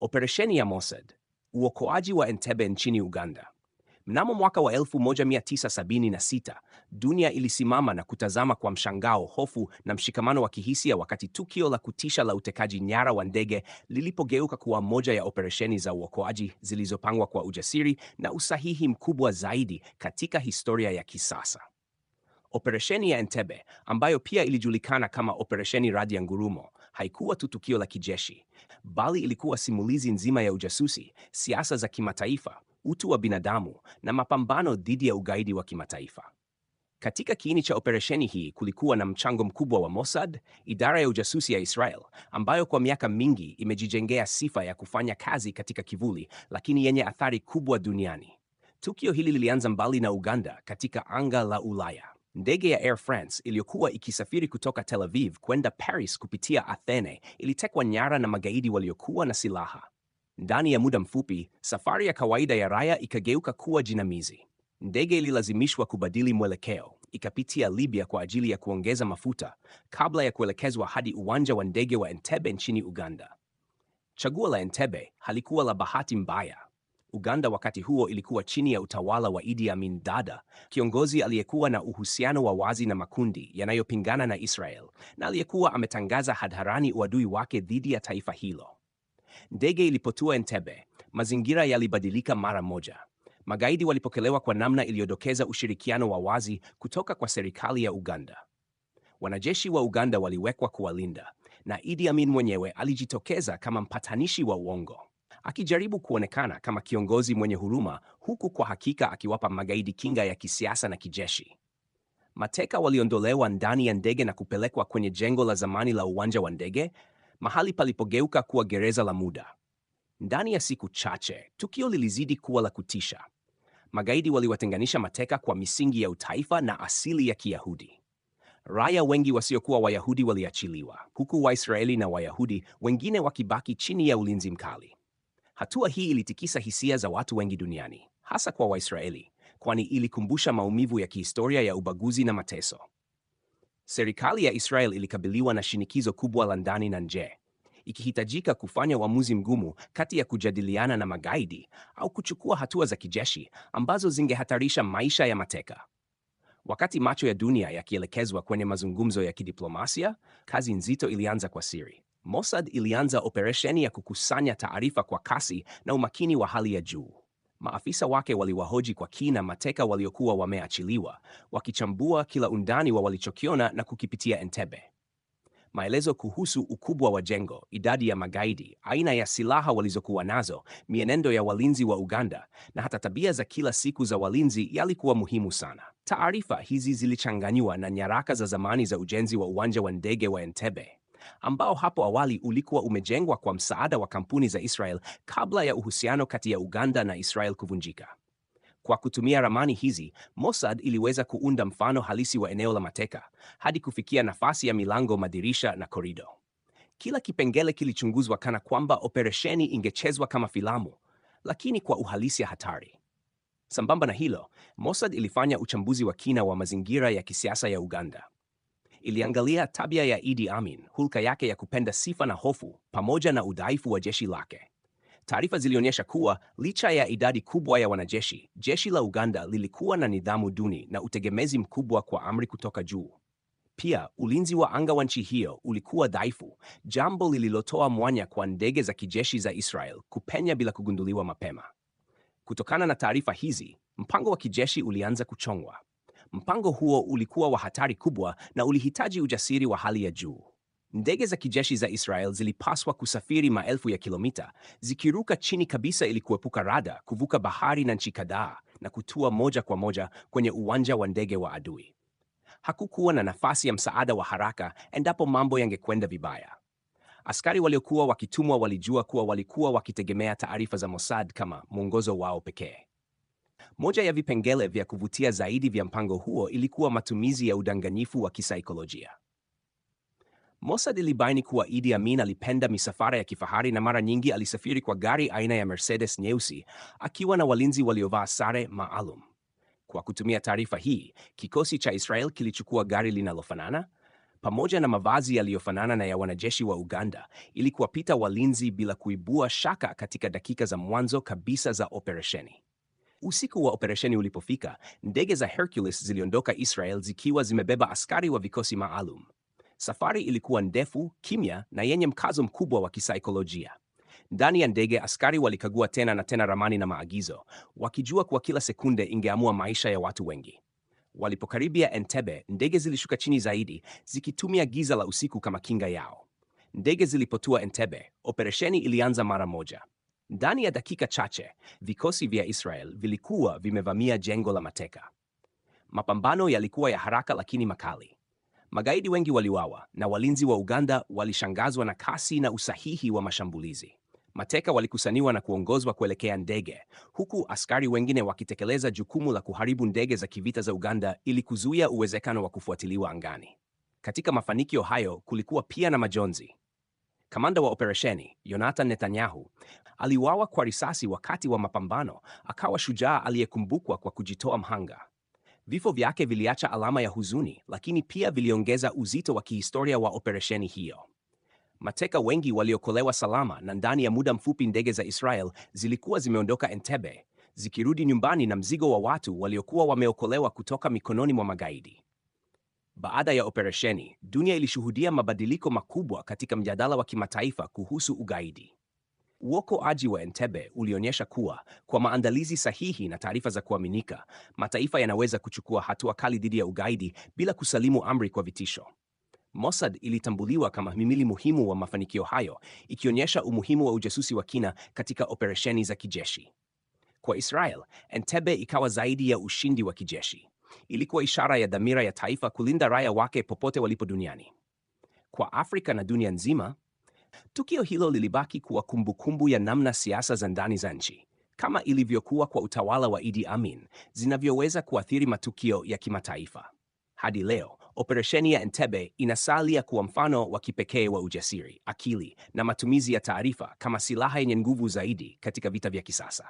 Operesheni ya Mossad, uokoaji wa Entebbe nchini Uganda. Mnamo mwaka wa 1976, dunia ilisimama na kutazama kwa mshangao, hofu na mshikamano wa kihisia wakati tukio la kutisha la utekaji nyara wa ndege lilipogeuka kuwa moja ya operesheni za uokoaji zilizopangwa kwa ujasiri na usahihi mkubwa zaidi katika historia ya kisasa. Operesheni ya Entebbe ambayo pia ilijulikana kama Operesheni Radi ya Ngurumo haikuwa tu tukio la kijeshi, bali ilikuwa simulizi nzima ya ujasusi, siasa za kimataifa, utu wa binadamu na mapambano dhidi ya ugaidi wa kimataifa. Katika kiini cha operesheni hii kulikuwa na mchango mkubwa wa Mossad, idara ya ujasusi ya Israel, ambayo kwa miaka mingi imejijengea sifa ya kufanya kazi katika kivuli, lakini yenye athari kubwa duniani. Tukio hili lilianza mbali na Uganda, katika anga la Ulaya. Ndege ya Air France iliyokuwa ikisafiri kutoka Tel Aviv kwenda Paris kupitia Athene ilitekwa nyara na magaidi waliokuwa na silaha. Ndani ya muda mfupi, safari ya kawaida ya Raya ikageuka kuwa jinamizi. Ndege ililazimishwa kubadili mwelekeo, ikapitia Libya kwa ajili ya kuongeza mafuta kabla ya kuelekezwa hadi uwanja wa ndege wa Entebbe nchini Uganda. Chaguo la Entebbe halikuwa la bahati mbaya. Uganda wakati huo ilikuwa chini ya utawala wa Idi Amin Dada, kiongozi aliyekuwa na uhusiano wa wazi na makundi yanayopingana na Israel na aliyekuwa ametangaza hadharani uadui wake dhidi ya taifa hilo. Ndege ilipotua Entebbe, mazingira yalibadilika mara moja. Magaidi walipokelewa kwa namna iliyodokeza ushirikiano wa wazi kutoka kwa serikali ya Uganda. Wanajeshi wa Uganda waliwekwa kuwalinda na Idi Amin mwenyewe alijitokeza kama mpatanishi wa uongo akijaribu kuonekana kama kiongozi mwenye huruma, huku kwa hakika akiwapa magaidi kinga ya kisiasa na kijeshi. Mateka waliondolewa ndani ya ndege na kupelekwa kwenye jengo la zamani la uwanja wa ndege, mahali palipogeuka kuwa gereza la muda. Ndani ya siku chache, tukio lilizidi kuwa la kutisha. Magaidi waliwatenganisha mateka kwa misingi ya utaifa na asili ya Kiyahudi. Raia wengi wasiokuwa Wayahudi waliachiliwa, huku Waisraeli na Wayahudi wengine wakibaki chini ya ulinzi mkali. Hatua hii ilitikisa hisia za watu wengi duniani, hasa kwa Waisraeli, kwani ilikumbusha maumivu ya kihistoria ya ubaguzi na mateso. Serikali ya Israel ilikabiliwa na shinikizo kubwa la ndani na nje, ikihitajika kufanya uamuzi mgumu kati ya kujadiliana na magaidi au kuchukua hatua za kijeshi ambazo zingehatarisha maisha ya mateka. Wakati macho ya dunia yakielekezwa kwenye mazungumzo ya kidiplomasia, kazi nzito ilianza kwa siri. Mossad ilianza operesheni ya kukusanya taarifa kwa kasi na umakini wa hali ya juu. Maafisa wake waliwahoji kwa kina mateka waliokuwa wameachiliwa, wakichambua kila undani wa walichokiona na kukipitia Entebbe. Maelezo kuhusu ukubwa wa jengo, idadi ya magaidi, aina ya silaha walizokuwa nazo, mienendo ya walinzi wa Uganda na hata tabia za kila siku za walinzi yalikuwa muhimu sana. Taarifa hizi zilichanganywa na nyaraka za zamani za ujenzi wa uwanja wa ndege wa Entebbe ambao hapo awali ulikuwa umejengwa kwa msaada wa kampuni za Israel kabla ya uhusiano kati ya Uganda na Israel kuvunjika. Kwa kutumia ramani hizi, Mossad iliweza kuunda mfano halisi wa eneo la mateka hadi kufikia nafasi ya milango, madirisha na korido. Kila kipengele kilichunguzwa kana kwamba operesheni ingechezwa kama filamu, lakini kwa uhalisia hatari. Sambamba na hilo, Mossad ilifanya uchambuzi wa kina wa mazingira ya kisiasa ya Uganda iliangalia tabia ya Idi Amin, hulka yake ya kupenda sifa na hofu, pamoja na udhaifu wa jeshi lake. Taarifa zilionyesha kuwa licha ya idadi kubwa ya wanajeshi, jeshi la Uganda lilikuwa na nidhamu duni na utegemezi mkubwa kwa amri kutoka juu. Pia ulinzi wa anga wa nchi hiyo ulikuwa dhaifu, jambo lililotoa mwanya kwa ndege za kijeshi za Israel kupenya bila kugunduliwa mapema. Kutokana na taarifa hizi, mpango wa kijeshi ulianza kuchongwa. Mpango huo ulikuwa wa hatari kubwa na ulihitaji ujasiri wa hali ya juu. Ndege za kijeshi za Israel zilipaswa kusafiri maelfu ya kilomita, zikiruka chini kabisa ili kuepuka rada, kuvuka bahari na nchi kadhaa na kutua moja kwa moja kwenye uwanja wa ndege wa adui. Hakukuwa na nafasi ya msaada wa haraka endapo mambo yangekwenda vibaya. Askari waliokuwa wakitumwa walijua kuwa walikuwa wakitegemea taarifa za Mossad kama mwongozo wao pekee. Moja ya vipengele vya kuvutia zaidi vya mpango huo ilikuwa matumizi ya udanganyifu wa kisaikolojia. Mossad ilibaini kuwa Idi Amin alipenda misafara ya kifahari na mara nyingi alisafiri kwa gari aina ya Mercedes nyeusi akiwa na walinzi waliovaa sare maalum. Kwa kutumia taarifa hii, kikosi cha Israel kilichukua gari linalofanana pamoja na mavazi yaliyofanana na ya wanajeshi wa Uganda ili kuwapita walinzi bila kuibua shaka katika dakika za mwanzo kabisa za operesheni. Usiku wa operesheni ulipofika, ndege za Hercules ziliondoka Israel zikiwa zimebeba askari wa vikosi maalum. Safari ilikuwa ndefu, kimya na yenye mkazo mkubwa wa kisaikolojia. Ndani ya ndege, askari walikagua tena na tena ramani na maagizo, wakijua kuwa kila sekunde ingeamua maisha ya watu wengi. Walipokaribia Entebbe, ndege zilishuka chini zaidi, zikitumia giza la usiku kama kinga yao. Ndege zilipotua Entebbe, operesheni ilianza mara moja. Ndani ya dakika chache vikosi vya Israel vilikuwa vimevamia jengo la mateka. Mapambano yalikuwa ya haraka lakini makali. Magaidi wengi waliwawa na walinzi wa Uganda walishangazwa na kasi na usahihi wa mashambulizi. Mateka walikusaniwa na kuongozwa kuelekea ndege, huku askari wengine wakitekeleza jukumu la kuharibu ndege za kivita za Uganda ili kuzuia uwezekano wa kufuatiliwa angani. Katika mafanikio hayo kulikuwa pia na majonzi. Kamanda wa operesheni Yonathan Netanyahu aliuawa kwa risasi wakati wa mapambano, akawa shujaa aliyekumbukwa kwa kujitoa mhanga. Vifo vyake viliacha alama ya huzuni, lakini pia viliongeza uzito wa kihistoria wa operesheni hiyo. Mateka wengi waliokolewa salama, na ndani ya muda mfupi ndege za Israel zilikuwa zimeondoka Entebbe zikirudi nyumbani na mzigo wa watu waliokuwa wameokolewa kutoka mikononi mwa magaidi. Baada ya operesheni, dunia ilishuhudia mabadiliko makubwa katika mjadala wa kimataifa kuhusu ugaidi. Uokoaji wa Entebbe ulionyesha kuwa kwa maandalizi sahihi na taarifa za kuaminika, mataifa yanaweza kuchukua hatua kali dhidi ya ugaidi bila kusalimu amri kwa vitisho. Mossad ilitambuliwa kama mhimili muhimu wa mafanikio hayo, ikionyesha umuhimu wa ujasusi wa kina katika operesheni za kijeshi. Kwa Israel, Entebbe ikawa zaidi ya ushindi wa kijeshi. Ilikuwa ishara ya dhamira ya taifa kulinda raia wake popote walipo duniani. Kwa Afrika na dunia nzima, Tukio hilo lilibaki kuwa kumbukumbu ya namna siasa za ndani za nchi, kama ilivyokuwa kwa utawala wa Idi Amin, zinavyoweza kuathiri matukio ya kimataifa. Hadi leo, operesheni ya Entebbe inasalia kuwa mfano wa kipekee wa ujasiri, akili na matumizi ya taarifa kama silaha yenye nguvu zaidi katika vita vya kisasa.